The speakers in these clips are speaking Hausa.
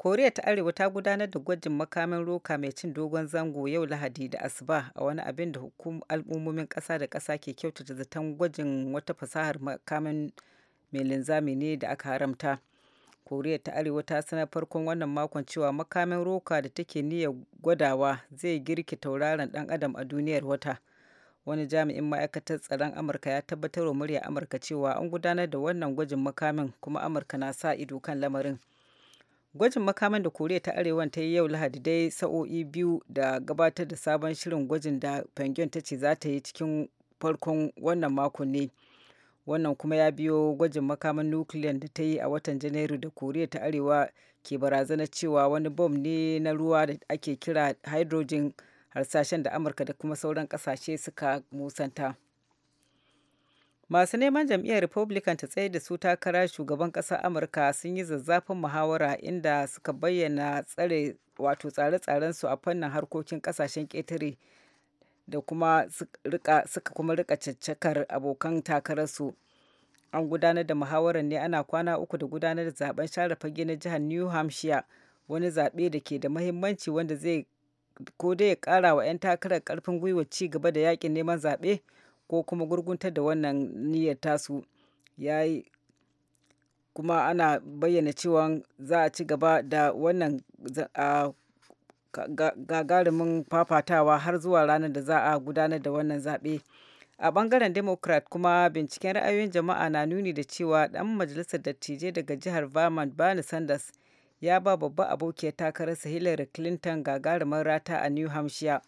koriya ta arewa ta gudanar da gwajin makamin roka mai cin dogon zango yau lahadi da asuba a wani abin da al'ummomin ƙasa da ƙasa ke kyautata zaton gwajin wata fasahar makamin mai linzami ne da aka haramta koriya ta arewa ta sanar farkon wannan makon cewa makamin roka da take niyyar gwadawa zai girki tauraron dan adam a duniyar wata wani jami'in ma'aikatar tsaron amurka ya tabbatar wa murya amurka cewa an gudanar da wannan gwajin makamin kuma amurka na sa ido kan lamarin Gwajin makaman da Koriya ta arewa ta yi yau Lahadi dai sa'o'i biyu da gabatar da sabon shirin gwajin da Pyongyang ta ce za ta yi cikin farkon wannan makon ne. Wannan kuma ya biyo gwajin makaman nukiliyan da ta yi a watan Janairu da Koriya ta Arewa ke barazana cewa wani bom ne na ruwa da ake kira hydrogen harsashen da Amurka da kuma sauran kasashe suka musanta. masu neman jam'iyyar republican ta tsaye da su takara shugaban ƙasar amurka sun yi zazzafin muhawara inda suka bayyana tsare wato tsare-tsaren su a fannin harkokin kasashen ƙetare da kuma suka kuma rika caccakar abokan takararsu an gudanar da muhawarar ne ana kwana uku da gudanar da zaben share fage na jihar new hampshire wani zaɓe da ke da mahimmanci wanda zai ko dai ya ƙara wa 'yan takarar karfin gwiwa ci gaba da yakin neman zaɓe ko kuma gurguntar da wannan niyyar tasu ya yi kuma ana bayyana cewa za a ci gaba da wannan gagarumin fafatawa har zuwa ranar da za a gudanar da wannan zaɓe. a ɓangaren democrat kuma binciken ra'ayoyin jama'a na nuni da cewa ɗan majalisar dattijai daga jihar vermont bernie sanders ya ba babba abokiyar takararsa hillary clinton gagarumin rata a new hampshire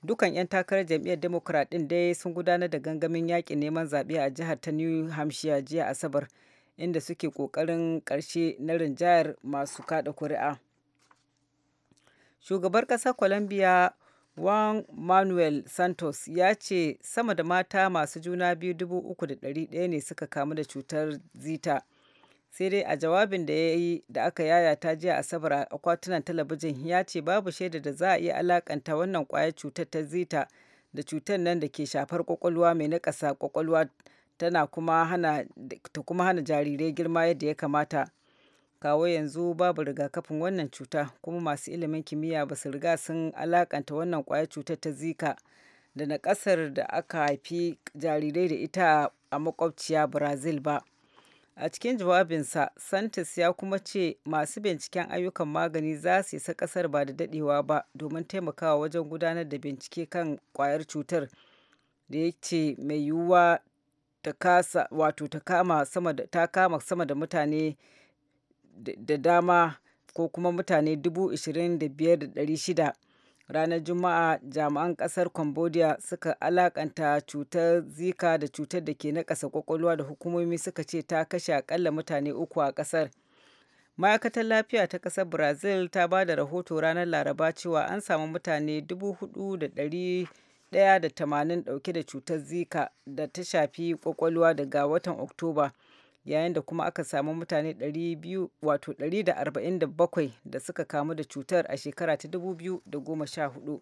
dukan 'yan takarar jam'iyyar democrat ɗin dai sun gudanar da gangamin yaƙin neman zaɓe a jihar ta new hampshire jiya asabar inda suke ƙoƙarin ƙarshe na rinjayar masu kaɗa kuri'a shugabar ƙasar colombia juan manuel santos ya ce sama da mata masu juna biyu dubu uku da ɗari ɗaya ne suka kamu da cutar zita sai dai a jawabin da ya yi da aka yayata jiya asabar a akwatunan talabijin ya ce babu shaida da za a iya alakanta wannan kwayar cutar ta zita da cutar nan da ke shafar kwakwalwa mai nakasa kwakwalwa tana kuma hana kuma hana jarirai girma yadda ya kamata kawo yanzu babu rigakafin wannan cuta kuma masu ilimin kimiyya ba su riga sun alakanta wannan kwayar cutar ta zika da na kasar da aka haifi jarirai da ita a makwabciya brazil ba A cikin jawabinsa, Santis ya kuma ce masu binciken ayyukan magani za su isa ƙasar ba da dadewa ba domin taimakawa wajen gudanar da bincike kan kwayar cutar da ya ce mai yiwuwa ta kama sama da mutane da dama ko kuma mutane 25,600 ranar juma'a jami'an kasar cambodia suka alakanta cutar zika da cutar da ke nakasa kwakwalwa da hukumomi suka ce ta kashe akalla mutane uku a kasar ma'aikatar lafiya ta kasar brazil ta ba da rahoto ranar laraba cewa an samu mutane 4,180 dauke da cutar zika da ta shafi kwakwalwa daga watan oktoba yayin da kuma aka samu mutane 247 da suka kamu da cutar a shekara ta 2014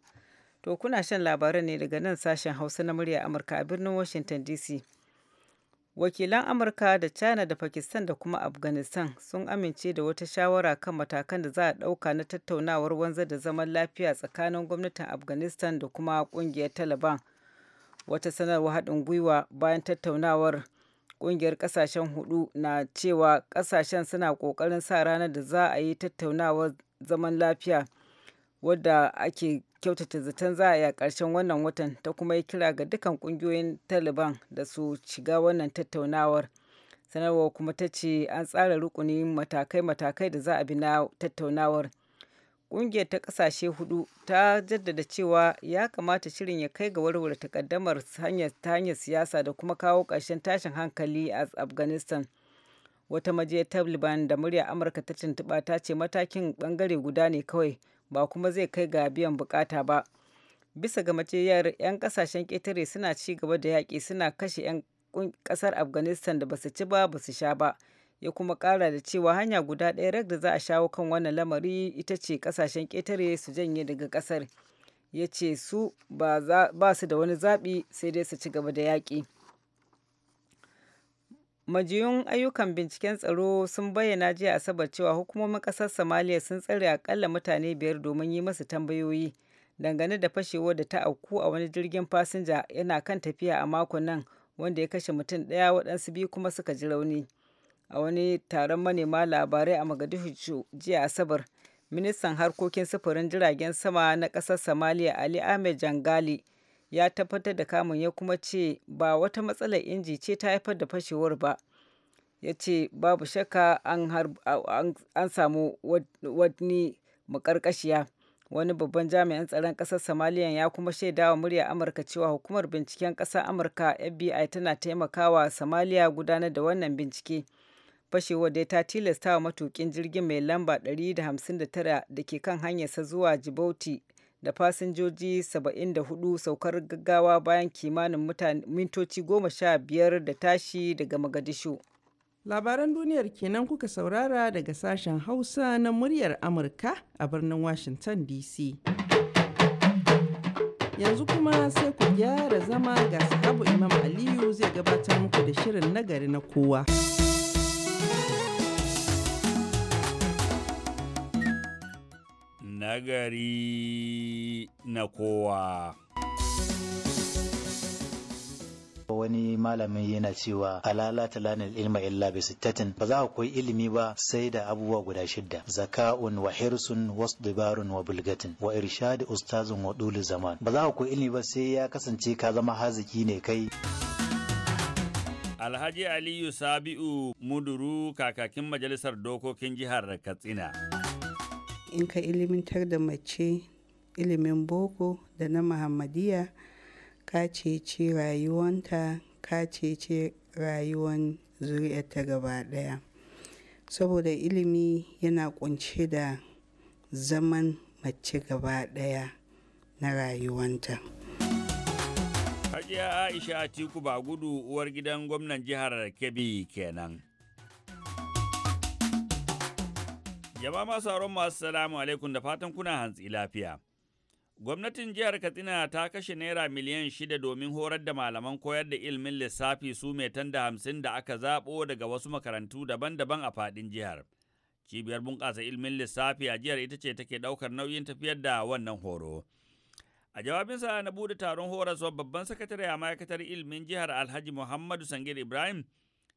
to kuna shan labaran ne daga nan sashen hausa na murya amurka a birnin washington dc wakilan amurka da china da pakistan da kuma afghanistan sun amince da wata shawara kan matakan da za a ɗauka na tattaunawar wanzar da zaman lafiya tsakanin gwamnatin afghanistan da kuma ƙungiyar taliban wata sanarwa haɗin gwiwa bayan tattaunawar Ƙungiyar ƙasashen hudu na cewa ƙasashen suna ƙoƙarin sa ranar da za a yi tattaunawar zaman lafiya wadda ake kyautata zaton za a yi a ƙarshen wannan watan ta kuma yi kira ga dukkan ƙungiyoyin taliban da su shiga wannan tattaunawar sanarwar kuma ta ce an tsara rukunin matakai-matakai da za a bi na tattaunawar Ƙungiyar ta kasashe hudu ta jaddada cewa ya kamata shirin ya kai ga warware takaddamar ta hanyar siyasa da kuma kawo ƙarshen tashin hankali a Afghanistan. Wata majiyar Taliban da murya Amurka ta tuntuɓa ta ce matakin bangare guda ne kawai ba kuma zai kai ga biyan bukata ba. Bisa ga majiyar 'yan ƙasashen ƙetare suna ci gaba da yaƙi suna kashe 'yan ƙasar Afghanistan da basu ci ba basu sha ba. ya kuma kara da cewa hanya guda ɗaya rak da za a shawo kan wannan lamari ita ce kasashen ƙetare su janye daga ƙasar ya ce su ba su da wani zaɓi sai dai su ci gaba da yaƙi majiyun ayyukan binciken tsaro sun bayyana jiya asabar cewa hukumomin ƙasar somaliya sun tsare akalla mutane biyar domin yi masu tambayoyi dangane da fashewar da ta auku a wani jirgin fasinja yana kan tafiya a makon nan wanda ya kashe mutum ɗaya waɗansu biyu kuma suka ji rauni a wani taron manema labarai a Mogadishu jiya Asabar. Ministan harkokin sufurin jiragen sama na ƙasar Somalia Ali Ahmed Jangali ya tabbatar da kamun ya kuma ce ba wata matsalar inji ce ta haifar da fashewar ba. Ya ce babu shakka an samu wani makarkashiya. Wani babban jami'an tsaron ƙasar Somalia ya kuma shaidawa murya Amurka cewa hukumar binciken ƙasar Amurka FBI tana taimakawa Somalia gudanar da wannan bincike. fashewar dai ta tilasta wa matukin jirgin mai lamba 159 da ke kan hanyarsa zuwa djibouti da fasinjoji 74 saukar gaggawa bayan kimanin mintoci 15 da tashi daga magadishu labaran duniyar kenan kuka saurara daga sashen hausa na muryar amurka a birnin washington dc yanzu kuma sai ku gyara zama ga sahabu imam aliyu zai gabatar muku da shirin nagari na kowa. nagari na kowa. wani malamin yana cewa alala talanil ilma illa bi sittatin ba za ka koyi ilimi ba sai da abubuwa guda shidda zaka'un wa hirsun wasu dibarun wa bulgatin wa irshadi ustazun wa dulu zaman ba za ka koyi ilimi ba sai ya kasance ka zama haziki ne kai Alhaji Aliyu Sabi'u Muduru kakakin majalisar dokokin jihar Katsina. in ka ilimantar da mace ilimin boko da na muhammadiya ka ceci rayuwanta ka ceci rayuwan zuri'arta gaba daya saboda ilimi yana kunshe da zaman mace gaba daya na rayuwanta hajiya aisha atiku ba gudu uwar gidan gwamnan jihar kebbi kenan Yaba masu sauran masu salamu alaikum da fatan kuna hantsi lafiya. Gwamnatin jihar Katsina ta kashe naira miliyan shida domin horar da malaman koyar da ilmin lissafi su mai da hamsin da aka zaɓo daga wasu makarantu daban-daban a faɗin jihar. Cibiyar bunƙasa ilmin lissafi a jihar ita ce take ɗaukar nauyin tafiyar da wannan horo. A jawabin jawabinsa na buɗe taron horaswa babban sakatare a ma'aikatar ilmin jihar Alhaji Muhammadu Sangir Ibrahim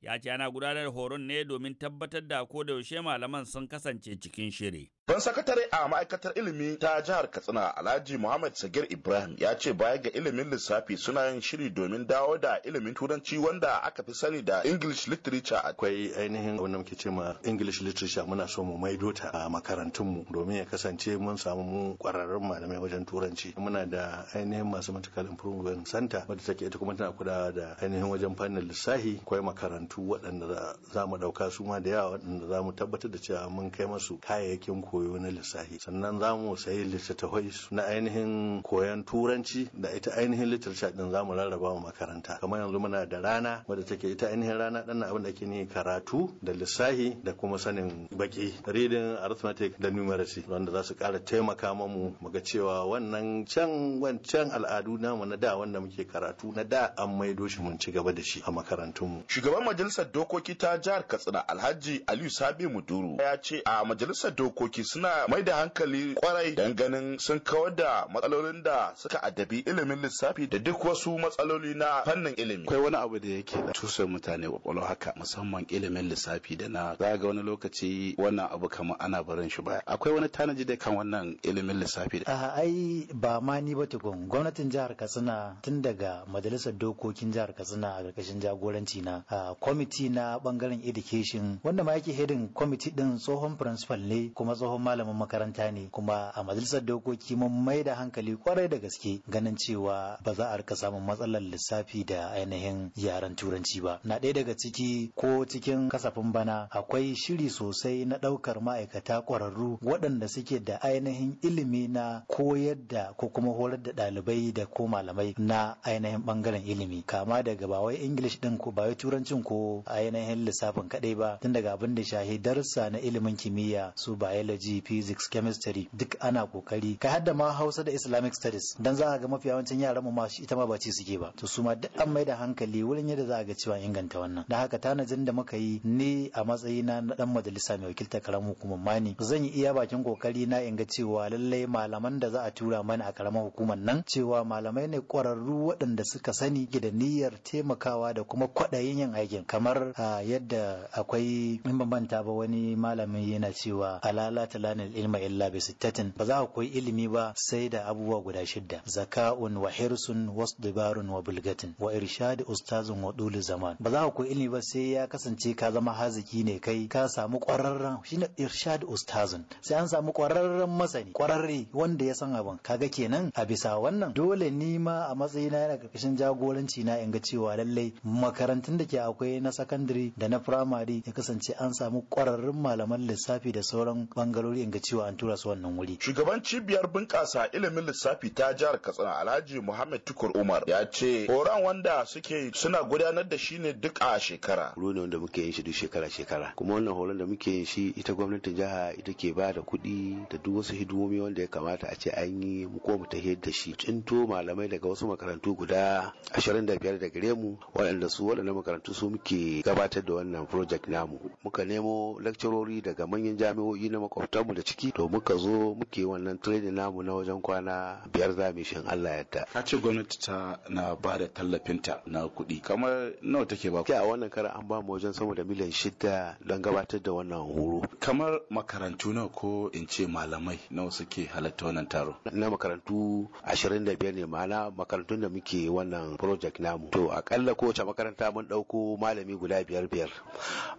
ya ce ana gudanar horon ne domin tabbatar da ko da yaushe malaman sun kasance cikin shiri. Ban sakatare a ma'aikatar ilimi ta jihar Katsina Alhaji Muhammad Sagir Ibrahim ya ce baya ga ilimin lissafi suna yin shiri domin dawo da ilimin turanci wanda aka fi sani da English literature akwai ainihin wanda muke ce ma English literature muna so mu maido ta a makarantunmu domin ya kasance mun samu mu kwararrun malamai wajen turanci muna da ainihin masu mathematical improvement center wadda take ita kuma tana kula da ainihin wajen fannin lissafi akwai makarantu waɗanda za mu ɗauka su ma da yawa waɗanda za mu tabbatar da cewa mun kai masu kayayyakin koyo na lissafi sannan za mu sayi littattafai na ainihin koyon turanci da ita ainihin literature din za mu rarraba wa makaranta kamar yanzu muna da rana wadda take ita ainihin rana ɗan abin da ake ne karatu da lissafi da kuma sanin baki reading arithmetic da numeracy wanda za su ƙara taimaka mamu mu ga cewa wannan can wancan al'adu namu na da wanda muke karatu na da an maido shi mun ci gaba da shi a makarantunmu shugaban majalisar dokoki ta jihar katsina alhaji aliyu sabi muduru ya ce a majalisar dokoki suna mai da hankali kwarai dan ganin sun kawar da matsalolin da suka addabi ilimin lissafi da duk wasu matsaloli na fannin ilimi. Akwai wani abu da yake da tusar mutane kwakwalwa haka musamman ilimin lissafi da na za ga wani lokaci wannan abu kamar ana barin shi baya. Akwai wani tanaji da kan wannan ilimin lissafi. A ai ba ma ni ba tukun gwamnatin jihar Katsina tun daga majalisar dokokin jihar Katsina a ƙarƙashin jagoranci na kwamiti na bangaren education wanda ma yake hedin kwamiti din tsohon principal ne kuma tsohon tsohon malamin makaranta ne kuma a majalisar dokoki mun mai da hankali kwarai da gaske ganin cewa ba za a rika samun matsalar lissafi da ainihin yaren turanci ba na ɗaya daga ciki ko cikin kasafin bana akwai shiri sosai na ɗaukar ma'aikata ƙwararru waɗanda suke da ainihin ilimi na koyar da ko kuma horar da ɗalibai da ko malamai na ainihin ɓangaren ilimi kama daga ba wai english ɗin ko ba wai turancin ko ainihin lissafin kaɗai ba tun daga abin da shahi darussa na ilimin kimiyya su biology biology physics chemistry duk ana kokari ka har ma hausa da islamic studies dan za a ga mafi yawancin yaran mu ma ita ma ba ci suke ba to su ma duk an mai da hankali wurin yadda za a ga cewa inganta wannan da haka tanajin da muka yi ni a matsayina na dan majalisa mai wakilta karamin hukumar mani zan yi iya bakin kokari na in ga cewa lallai malaman da za a tura mana a karamar hukumar nan cewa malamai ne kwararru waɗanda suka sani da niyyar taimakawa da kuma kwaɗayin yin aikin kamar ah, yadda akwai in ba wani malami yana cewa alala talanil ilma illa bi sittatin ba za ka koyi ilimi ba sai da abubuwa guda shidda zaka'un wa hirsun wasdibarun wa bulgatin wa irshadi ustazun wa zaman ba za ka koyi ilimi ba sai ya kasance ka zama haziki ne kai ka samu kwararren shine irshadi ustazun sai an samu kwararren masani kwararre wanda ya san abin kaga kenan a bisa wannan dole ni ma a matsayina na karkashin jagoranci na in ga cewa lallai makarantun da ke akwai na sakandare da na firamare ya kasance an samu kwararrun malaman lissafi da sauran bangare. bangarori in ga cewa an tura su wannan wuri shugaban cibiyar bunƙasa ilimin lissafi ta jihar katsina alhaji muhammad tukur umar ya ce horon wanda suke suna gudanar da shi ne duk a shekara horo ne wanda muke yin shi duk shekara shekara kuma wannan horon da muke yin shi ita gwamnatin jiha ita ke ba da kuɗi da duk wasu hidimomi wanda ya kamata a ce an yi ko mu tahiyar da shi cinto malamai daga wasu makarantu guda ashirin da biyar da gare mu waɗanda su waɗanda makarantu su muke gabatar da wannan project namu muka nemo lakcarori daga manyan jami'o'i na makwabta matan mu da ciki to muka zo muke wannan training namu na wajen kwana biyar za mu shin Allah ya ta ka ce gwamnati ta na ba da tallafinta na kuɗi kamar nawa take ba ku a wannan karan an ba mu wajen sama da miliyan shida don gabatar da wannan horo kamar makarantu na ko in ce malamai nawa suke halatta wannan taro na makarantu ashirin da biyar ne ma'ana makarantun da muke wannan project namu to akalla kowace makaranta mun ɗauko malami guda biyar biyar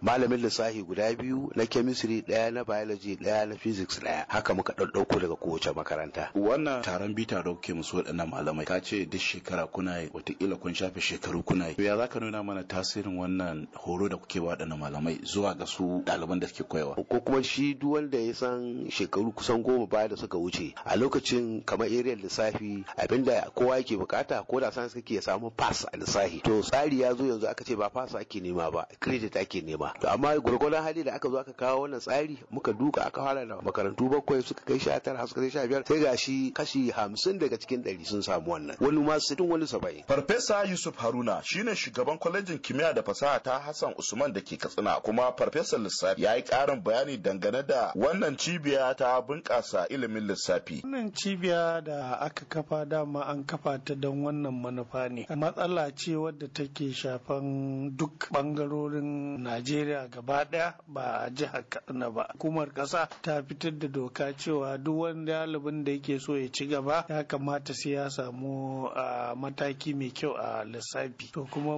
malamin lissafi guda biyu na chemistry ɗaya na biology ɗaya na physics ɗaya haka muka ɗauko daga kowace makaranta wannan taron bita da kuke musu waɗannan malamai ka ce duk shekara kuna yi watakila kun shafe shekaru kuna yi ya zaka nuna mana tasirin wannan horo da kuke waɗannan malamai zuwa ga su ɗaliban da suke koyawa ko kuma shi duk wanda ya san shekaru kusan goma baya da suka wuce a lokacin kamar irin lissafi abinda kowa yake bukata ko da san kake samu pass a lissafi to tsari ya zo yanzu aka ce ba pass ake nema ba credit ake nema to amma gurgurdan hali da aka zo aka kawo wannan tsari muka duka aka fara da makarantu bakwai suka kai sha tara suka kai sha biyar sai gashi kashi hamsin daga cikin ɗari sun samu wannan wani ma sittin wani saba'in. Farfesa Yusuf Haruna shine shugaban kwalejin kimiyya da fasaha ta Hassan Usman da ke Katsina kuma Farfesa Lissafi ya yi ƙarin bayani dangane da wannan cibiya ta bunƙasa ilimin lissafi. Wannan cibiya da aka kafa dama an kafa ta don wannan manufa ne. Matsala ce wadda take shafan duk bangarorin Najeriya gaba ɗaya ba a jihar kaduna ba. Hukumar ƙasa ta fitar da doka cewa duk wani ɗalibin da yake so ya ci gaba ya kamata sai ya samu a mataki mai kyau a lissafi to kuma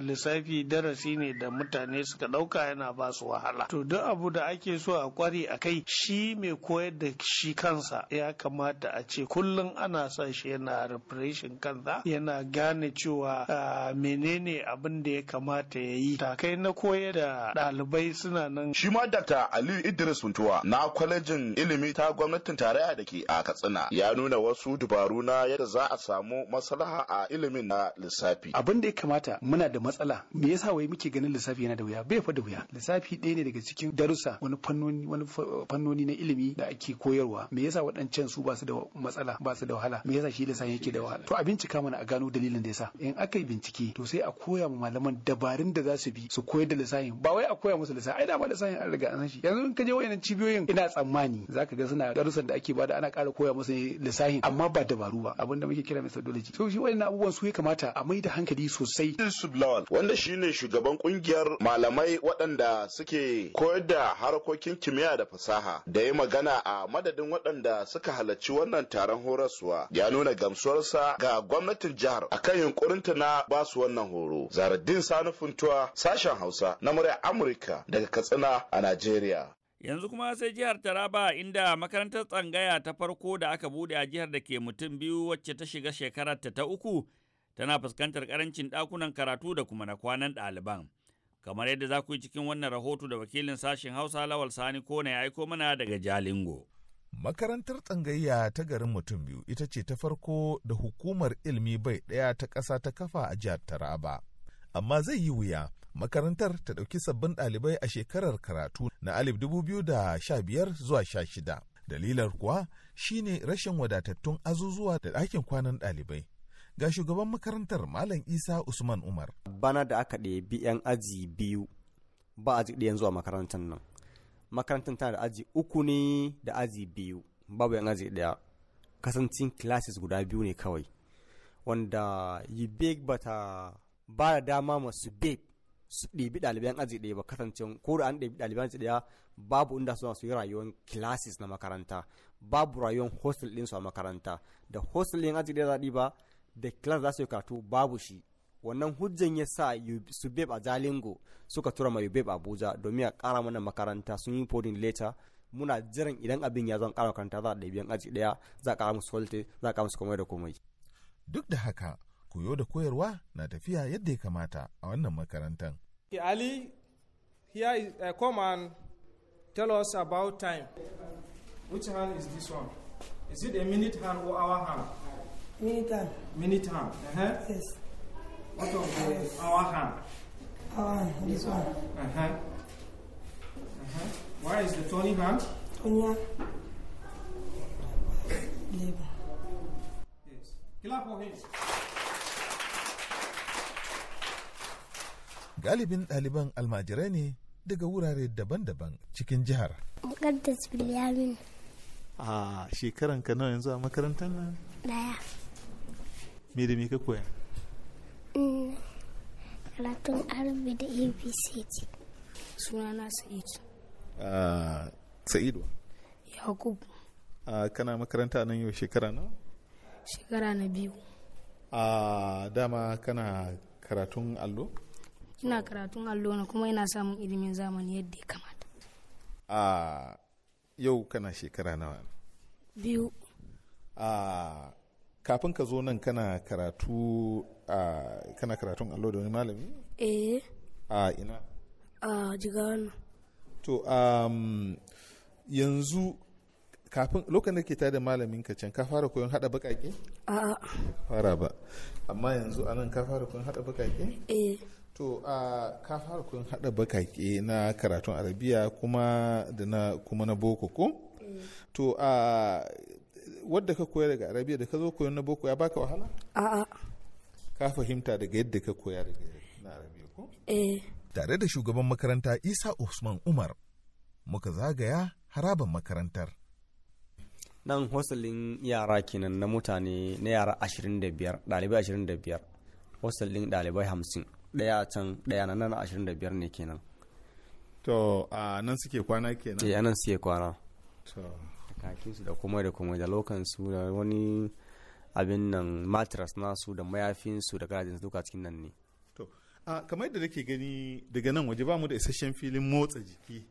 lissafi darasi ne da mutane suka ɗauka yana ba su wahala to duk abu da ake so a kwari a kai shi mai koyar da shi kansa ya kamata a ce kullum ana sa shi yana refreshin kansa yana gane cewa menene abin da ya kamata ya yi takai na koyar da ɗalibai suna nan shi ma dr aliyu idris Mutuwa. na kwalejin ilimi ta gwamnatin tarayya da ke a Katsina ya nuna wasu dubaru na yadda za a samu maslaha a ilimin na lissafi. Abin da ya kamata muna da matsala me yasa wai muke ganin lissafi yana da wuya bai fa da wuya lissafi ɗaya ne daga cikin darussa wani fannoni wani fannoni na ilimi da ake koyarwa me yasa waɗancan su ba su da matsala ba su da wahala me yasa shi lissafi yake da wahala to a bincika mana a gano dalilin da yasa in aka yi bincike to sai a koya ma malaman dabarun da za su bi su koyar da lissafi ba wai a koya musu lissafi ai da ba lissafi an riga an san shi yanzu in ka je wayannan cibiyoyi koyin ina tsammani zaka ga suna darussan da ake bada ana ƙara koya musu lissahin amma ba dabaru ba abin da muke kira methodology so shi wannan abubuwan su ya kamata a mai da hankali sosai Yusuf Lawal wanda shine shugaban kungiyar malamai waɗanda suke koyar da harkokin kimiyya da fasaha da ya magana a madadin waɗanda suka halarci wannan taron horaswa ya nuna gamsuwarsa ga gwamnatin jihar akan yunkurinta na ba su wannan horo zaradin tuwa sashen hausa na murya amurka daga katsina a najeriya Yanzu kuma sai jihar Taraba inda makarantar tsangaya ta farko da aka bude a jihar da ke mutum biyu wacce ta shiga shekarar ta uku tana fuskantar karancin ɗakunan karatu da kuma na kwanan ɗaliban. Kamar yadda za ku yi cikin wannan rahoto da wakilin sashen Hausa Lawal Sani na ya aiko mana daga Jalingo. Makarantar tsangayya ta garin mutum biyu ita ce ta farko da hukumar ilmi bai ɗaya ta ƙasa ta kafa a jihar Taraba. Amma zai yi wuya makarantar ta ɗauki sabbin ɗalibai a shekarar karatu na 2015 zuwa 16. Dalilar kuwa shine rashin wadatattun azuzuwa da ɗakin kwanan ɗalibai. Ga shugaban makarantar Malam Isa Usman Umar. Bana da aka ɗebi 'yan aji biyu ba aji ɗaya zuwa makarantar nan. Makarantar tana da aji uku ne da aji biyu babu 'yan aji ɗaya. Kasancin classes guda biyu ne kawai. Wanda yi bata ba da dama masu babe su ɗibi ɗaliban aji ɗaya ba kasancewa ko da an ɗibi ɗaliban aji ɗaya babu inda suna su yi rayuwar classes na makaranta babu rayuwar hostel ɗinsu a makaranta da hostel ɗin aji ɗaya zaɗi ba da class za su yi karatu babu shi wannan hujjan ya sa su subeb a jalingo suka tura ma yubeb abuja domin a ƙara mana makaranta sun yi podin leta muna jiran idan abin ya zan ƙara makaranta za a ɗabiyan aji ɗaya za a ƙara musu solte za a ƙara musu komai da komai duk da haka koyo da koyarwa na tafiya yadda ya kamata a wannan makarantar. Ali, here is, uh, come and tell us about time. Which hand is this one? Is it a minute hand or hour hand? Minute hand. Minute hand. Uh -huh. Yes. What of the yes. hour hand? Hour hand. This one. Uh huh. Uh huh. Why is the Tony hand? Tony hand. Labor. Yes. Clap for him. Galibin ɗaliban almajirai ne daga wurare daban-daban cikin jihar. Muqaddas Bilyamin. A shekaran ka nawa yanzu a makarantar nan? Daya. Me da me ka koya? Mm, karatun Arabi da ABC ce. Sunana Sa'id. Sa'idu. Yakub. Kana makaranta nan yau shekara nawa? Shekara na biyu. A dama kana karatun allo? ina karatun allo na kuma ina samun ilimin zamani yadda ya kamata a yau kana shekara nawa biyu a kafin ka zo nan kana karatu a kana karatun allo da wani malami eh a ina a jigawa to um, yanzu kafin lokacin da ke ta da malamin ka can ka fara koyon hada bakake? a'a fara ba amma yanzu anan ka fara koyon hada bakake? eh to a kafar kun hada bakake na karatun arabiya kuma da na kuma na boko ko eh. to a wadda ka koya daga arabiya da ka zo koyon na boko ya baka wahala a'a ka fahimta daga yadda ka koya daga na arabiya ko eh tare da shugaban makaranta isa usman umar muka zagaya haraban makarantar nan hostelin yara kenan na mutane na yara 25 ɗalibai 25 hostelin ɗalibai 50 daya can daya na nan biyar ne kenan to a nan suke kwana kenan eh nan suke kwana to kakin su da kuma da kuma da lokan su da wani abin nan matras nasu da mayafin su da gadin su duka cikin nan ne to a kamar yadda nake gani daga nan waje ba mu da isasshen filin motsa jiki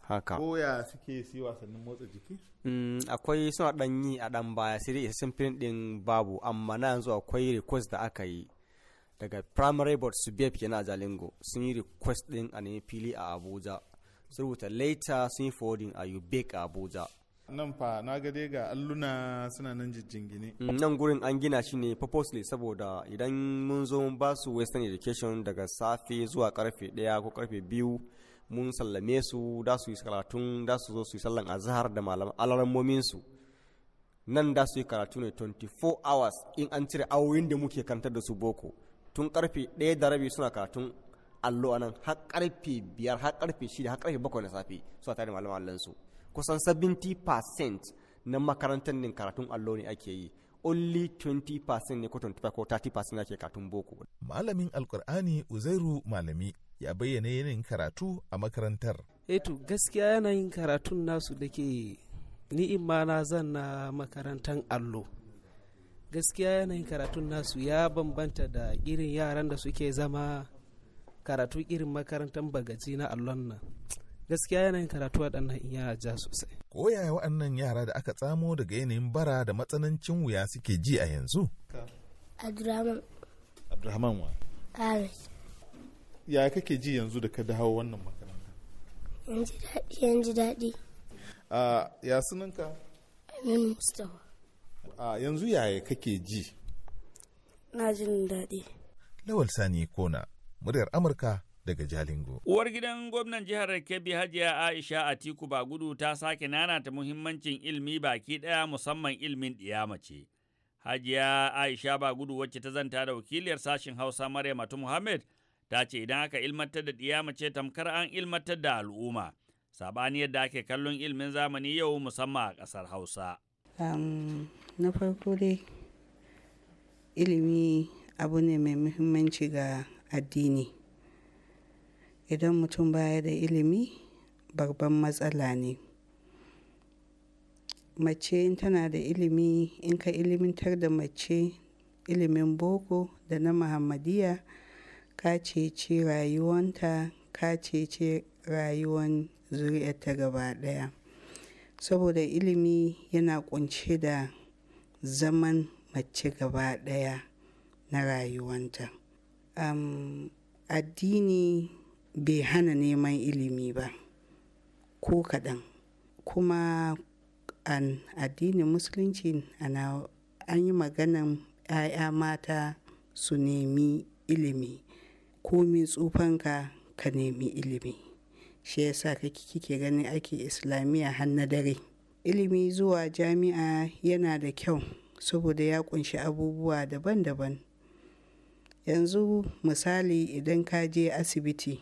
haka ya suke su yi wasannin motsa jiki mm, akwai suna dan yi a dan baya sai dai isasshen filin din babu amma na yanzu akwai request da aka yi daga primary board su biya fiye a jalingo sun yi request din a nemi fili a abuja sun rubuta later sun yi forwarding a ubek a abuja nan fa na ga dai ga alluna suna nan jijjingine mm, nan gurin an gina shi ne purposely saboda idan mun zo mun ba su western education daga safe zuwa karfe daya ko karfe biyu mun sallame su da su yi karatun da su zo su yi sallan azhar da malam su nan da su yi karatu ne 24 hours in an cire awoyin da muke kantar da su boko tun karfe ɗaya da rabi suna karatun allo anan har karfe biyar har karfe shida har karfe bakwai na safe suna tare da malaman allonsu kusan 70% na makarantar din karatun allo ne ake yi only 20% ne ko 25 ko 30% ake karatun boko malamin alkur'ani uzairu malami ya bayyana yanayin karatu a makarantar eto eh gaskiya yanayin karatun nasu da ke ni imana zan na makarantar allo gaskiya yanayin karatun nasu ya bambanta da irin yaran da suke zama karatu irin makarantar bagaji na allon nan gaskiya yanayin karatu waɗannan yara ja sosai ko yaya waɗannan yara da aka tsamo daga yanayin bara da matsanancin wuya suke ji a yanzu abdurrahman abdurrahman wa ya kake ji yanzu da ka dawo wannan makaranta yanzu daɗi yanzu daɗi ah, ya sunanka aminu mustapha A yanzu yaya kake ji? Na jin daɗi. Lawal Sani Kona, muryar Amurka daga Jalingo. Uwar gidan gwamnan jihar Kebbi Hajiya Aisha Atiku Bagudu ta sake nanata muhimmancin ilmi baki ɗaya musamman ilmin mace. Hajiya Aisha Bagudu wacce ta zanta da wakiliyar sashen Hausa Maryam Atu Muhammad ta ce idan aka ilmantar da mace tamkar an ilmantar da al'umma. Sabani yadda ake kallon ilmin zamani yau musamman a ƙasar Hausa. na farko dai ilimi abu ne mai muhimmanci ga addini idan mutum baya da ilimi babban matsala ne mace in tana da ilimi in ka ilimintar da mace ilimin boko da na muhammadiya ka cece rayuwanta ka cece rayuwan ta gaba ɗaya saboda ilimi yana kunshe da zaman mace gaba ɗaya na rayuwanta um, addini bai hana neman ilimi ba ko kaɗan kuma an addinin musulunci ana an yi maganan 'ya'ya mata su nemi ilimi komi tsufanka ka nemi ilimi shi sa kake kike ganin ake islamiyya har na dare ilimi zuwa jami'a yana da kyau saboda ya kunshi abubuwa daban-daban yanzu misali idan ka je asibiti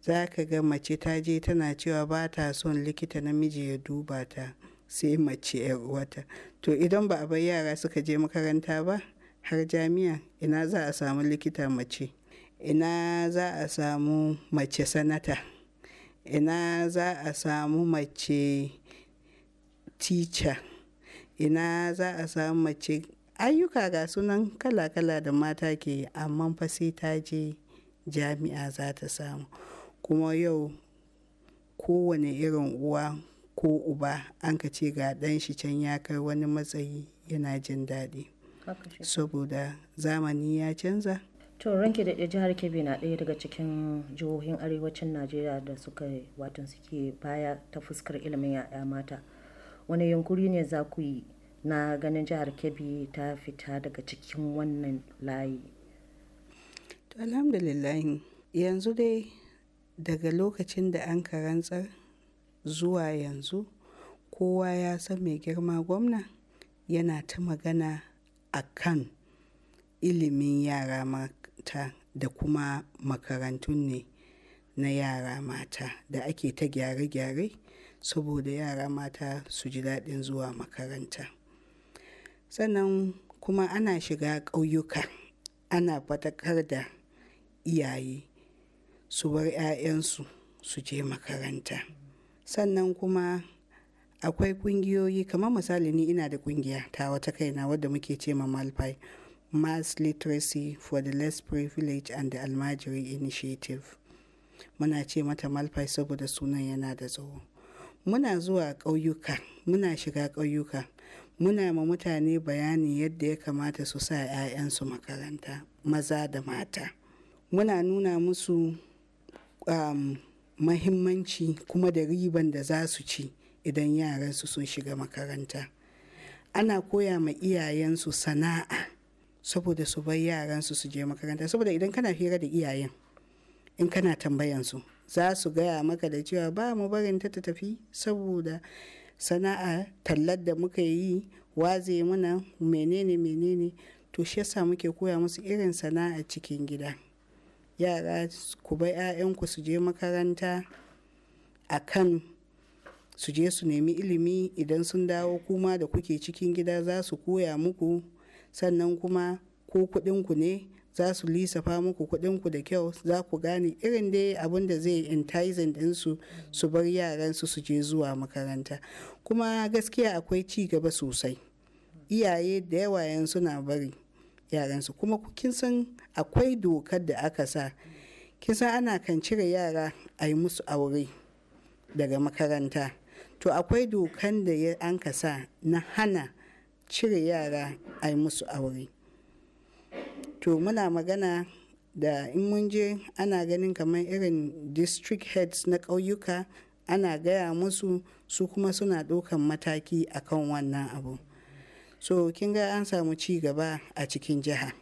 za ka ga mace ta je tana cewa ba ta son likita namiji ya duba ta sai mace yar uwata to idan ba a bar yara suka je makaranta ba har jami'a ina za a samu likita mace ina za a samu mace sanata ina za a samu mace teacher ina za a samu mace ayyuka ga sunan kala-kala da mata ke amma fa sai ta je jami'a za ta samu kuma yau kowane irin uwa ko uba an ka ce ga ɗan shi can ya kai wani matsayi yana jin daɗi saboda zamani ya canza to ranke da jihar kebbi na ɗaya daga cikin jihohin arewacin najeriya da suka watan suke baya ta fuskar ilimin ya'ya mata wani yunkuri ne za ku yi na ganin jihar kebbi ta fita daga cikin wannan layi alhamdulillah yanzu dai daga lokacin da an karantsar zuwa yanzu kowa ya san mai girma gwamna yana ta magana a kan ilimin yara ma. mata da kuma makarantun ne na yara mata da ake ta gyare-gyare saboda yara mata su ji daɗin zuwa makaranta sannan kuma ana shiga ƙauyuka ana fatakar da iyaye su bar 'ya'yansu su je makaranta sannan kuma akwai ƙungiyoyi kamar misali ni ina da ƙungiya ta wata kaina wadda muke ce ma malfai Mass Literacy for the Less Privileged and the Almajiri Initiative. Muna ce mata malfai saboda sunan yana da tsawo. Muna zuwa ƙauyuka, muna shiga ƙauyuka, muna ma mutane bayani yadda ya kamata su sa 'ya'yansu makaranta, maza da mata. Muna nuna musu um, mahimmanci kuma da riban da za su ci idan yaransu sun shiga makaranta. Ana koya ma iyayensu sana'a. saboda su bar yaransu su je makaranta saboda idan kana hira da iyayen in kana tambayan su za su gaya maka da cewa ba mu barin ta ta tafi saboda sana'a tallar da muka yi waze muna menene menene to shi yasa muke koya musu irin sana'a cikin gida yara ku bai 'ya'yanku su je makaranta a kan su je su nemi ilimi idan sun dawo kuma da kuke cikin gida za su koya muku sannan kuma ku kuɗinku ne za su lissafa muku kuɗinku da kyau za ku gane irin dai abin da zai enticing ɗinsu su bar yaransu su je zuwa makaranta kuma gaskiya akwai ci gaba sosai iyaye da yawa yanzu suna bari yaransu kuma kin san akwai dokar da aka sa kin san ana kan cire yara a yi musu aure daga makaranta to akwai dokan da an ka sa na hana cire yara a yi musu aure to muna magana da in mun je ana ganin kamar irin district heads na ƙauyuka ana gaya musu su kuma suna ɗaukan mataki a kan wannan abu so kin ga an samu ci gaba a cikin jiha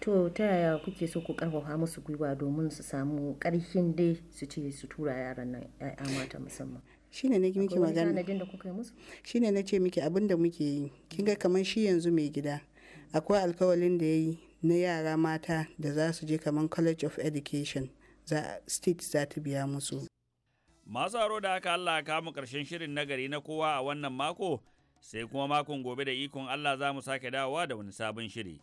to ta yaya kuke so ku karfafa musu gwiwa domin su samu ƙarfin dai su ce su tura yaran nan ya mata musamman shine na miki magana shine na ce miki abin da muke yi kin ga kamar shi yanzu mai gida akwai alkawalin da ya yi na yara mata da za su je kamar college of education za state za ta biya musu masu aro da aka Allah ka mu karshen shirin nagari na kowa a wannan mako sai kuma makon gobe da ikon Allah za mu sake dawowa da wani sabon shiri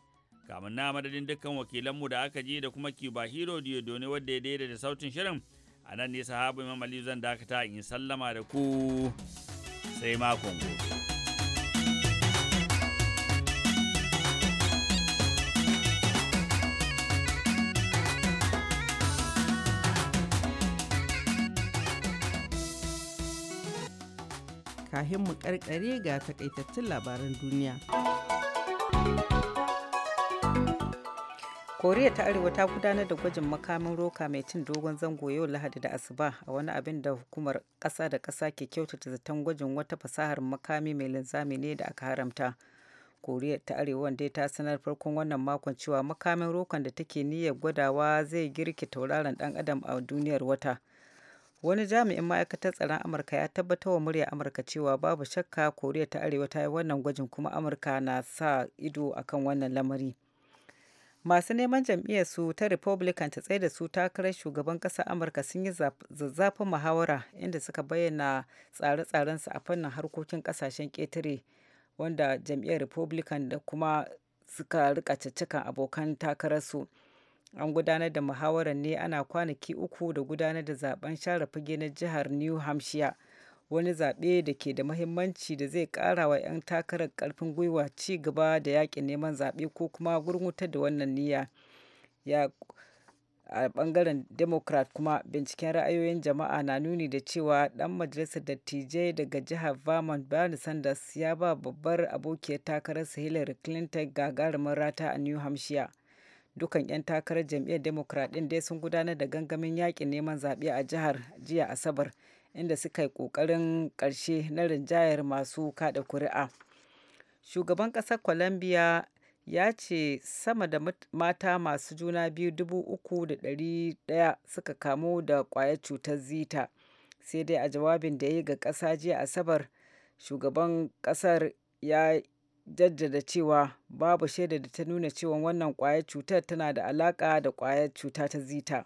kamun na madadin dukkan wakilanmu da aka ji da kuma kiba hero diodone wadda ya daidaita da sautin shirin a nan ne sahabu imam aliyu zan dakata in yi sallama da ku sai makon gobe kahin mu karkare ga takaitattun labaran duniya. koriya ta arewa ta gudanar da gwajin makamin roka mai cin dogon zango yau lahadi da asuba a wani abin da hukumar ƙasa da ƙasa ke kyautata zaton gwajin wata fasahar makami mai linzami ne da aka haramta koriya ta arewa dai ta sanar farkon wannan makon cewa makamin rokan da take niyyar gwadawa zai girke tauraron dan adam a duniyar wata wani jami'in ma'aikatar tsaron amurka ya tabbatar wa murya amurka cewa babu shakka koriya ta arewa ta yi wannan gwajin kuma amurka na sa ido akan wannan lamari masu neman jam'iyyar su ta republican ta tsaye da su takarar shugaban ƙasar amurka sun yi zazzafin muhawara inda suka bayyana tsare tsaren su a fannin harkokin ƙasashen ƙetare wanda jam'iyyar republican da kuma suka rika cikin abokan takararsu an gudanar da muhawarar ne ana kwanaki uku da gudanar da zaben share fage na jihar new hampshire wani zaɓe da ke da mahimmanci da zai ƙara wa 'yan takarar ƙarfin gwiwa ci gaba da yakin neman zaɓe ko kuma wuta da wannan niyya ya a ɓangaren democrat kuma binciken ra'ayoyin jama'a na nuni da cewa ɗan majalisar dattijai daga jihar vermont bernie sanders ya ba babbar abokiyar takararsa hillary clinton gagarumin rata a new hampshire dukan 'yan takarar jam'iyyar democrat ɗin dai sun gudanar da gangamin yakin neman zaɓe a jihar jiya asabar inda suka yi ƙoƙarin ƙarshe na rinjayar masu kada kuri'a. Shugaban ƙasar Colombia ya ce sama da mata masu juna biyu dubu uku da ɗari ɗaya suka kamu da ƙwayar cutar zita. Sai dai a jawabin da ya yi ga ƙasa jiya Asabar, shugaban ƙasar ya jaddada cewa babu shaida da ta nuna cewa wannan ƙwayar cutar tana da alaƙa da ƙwayar cuta ta zita.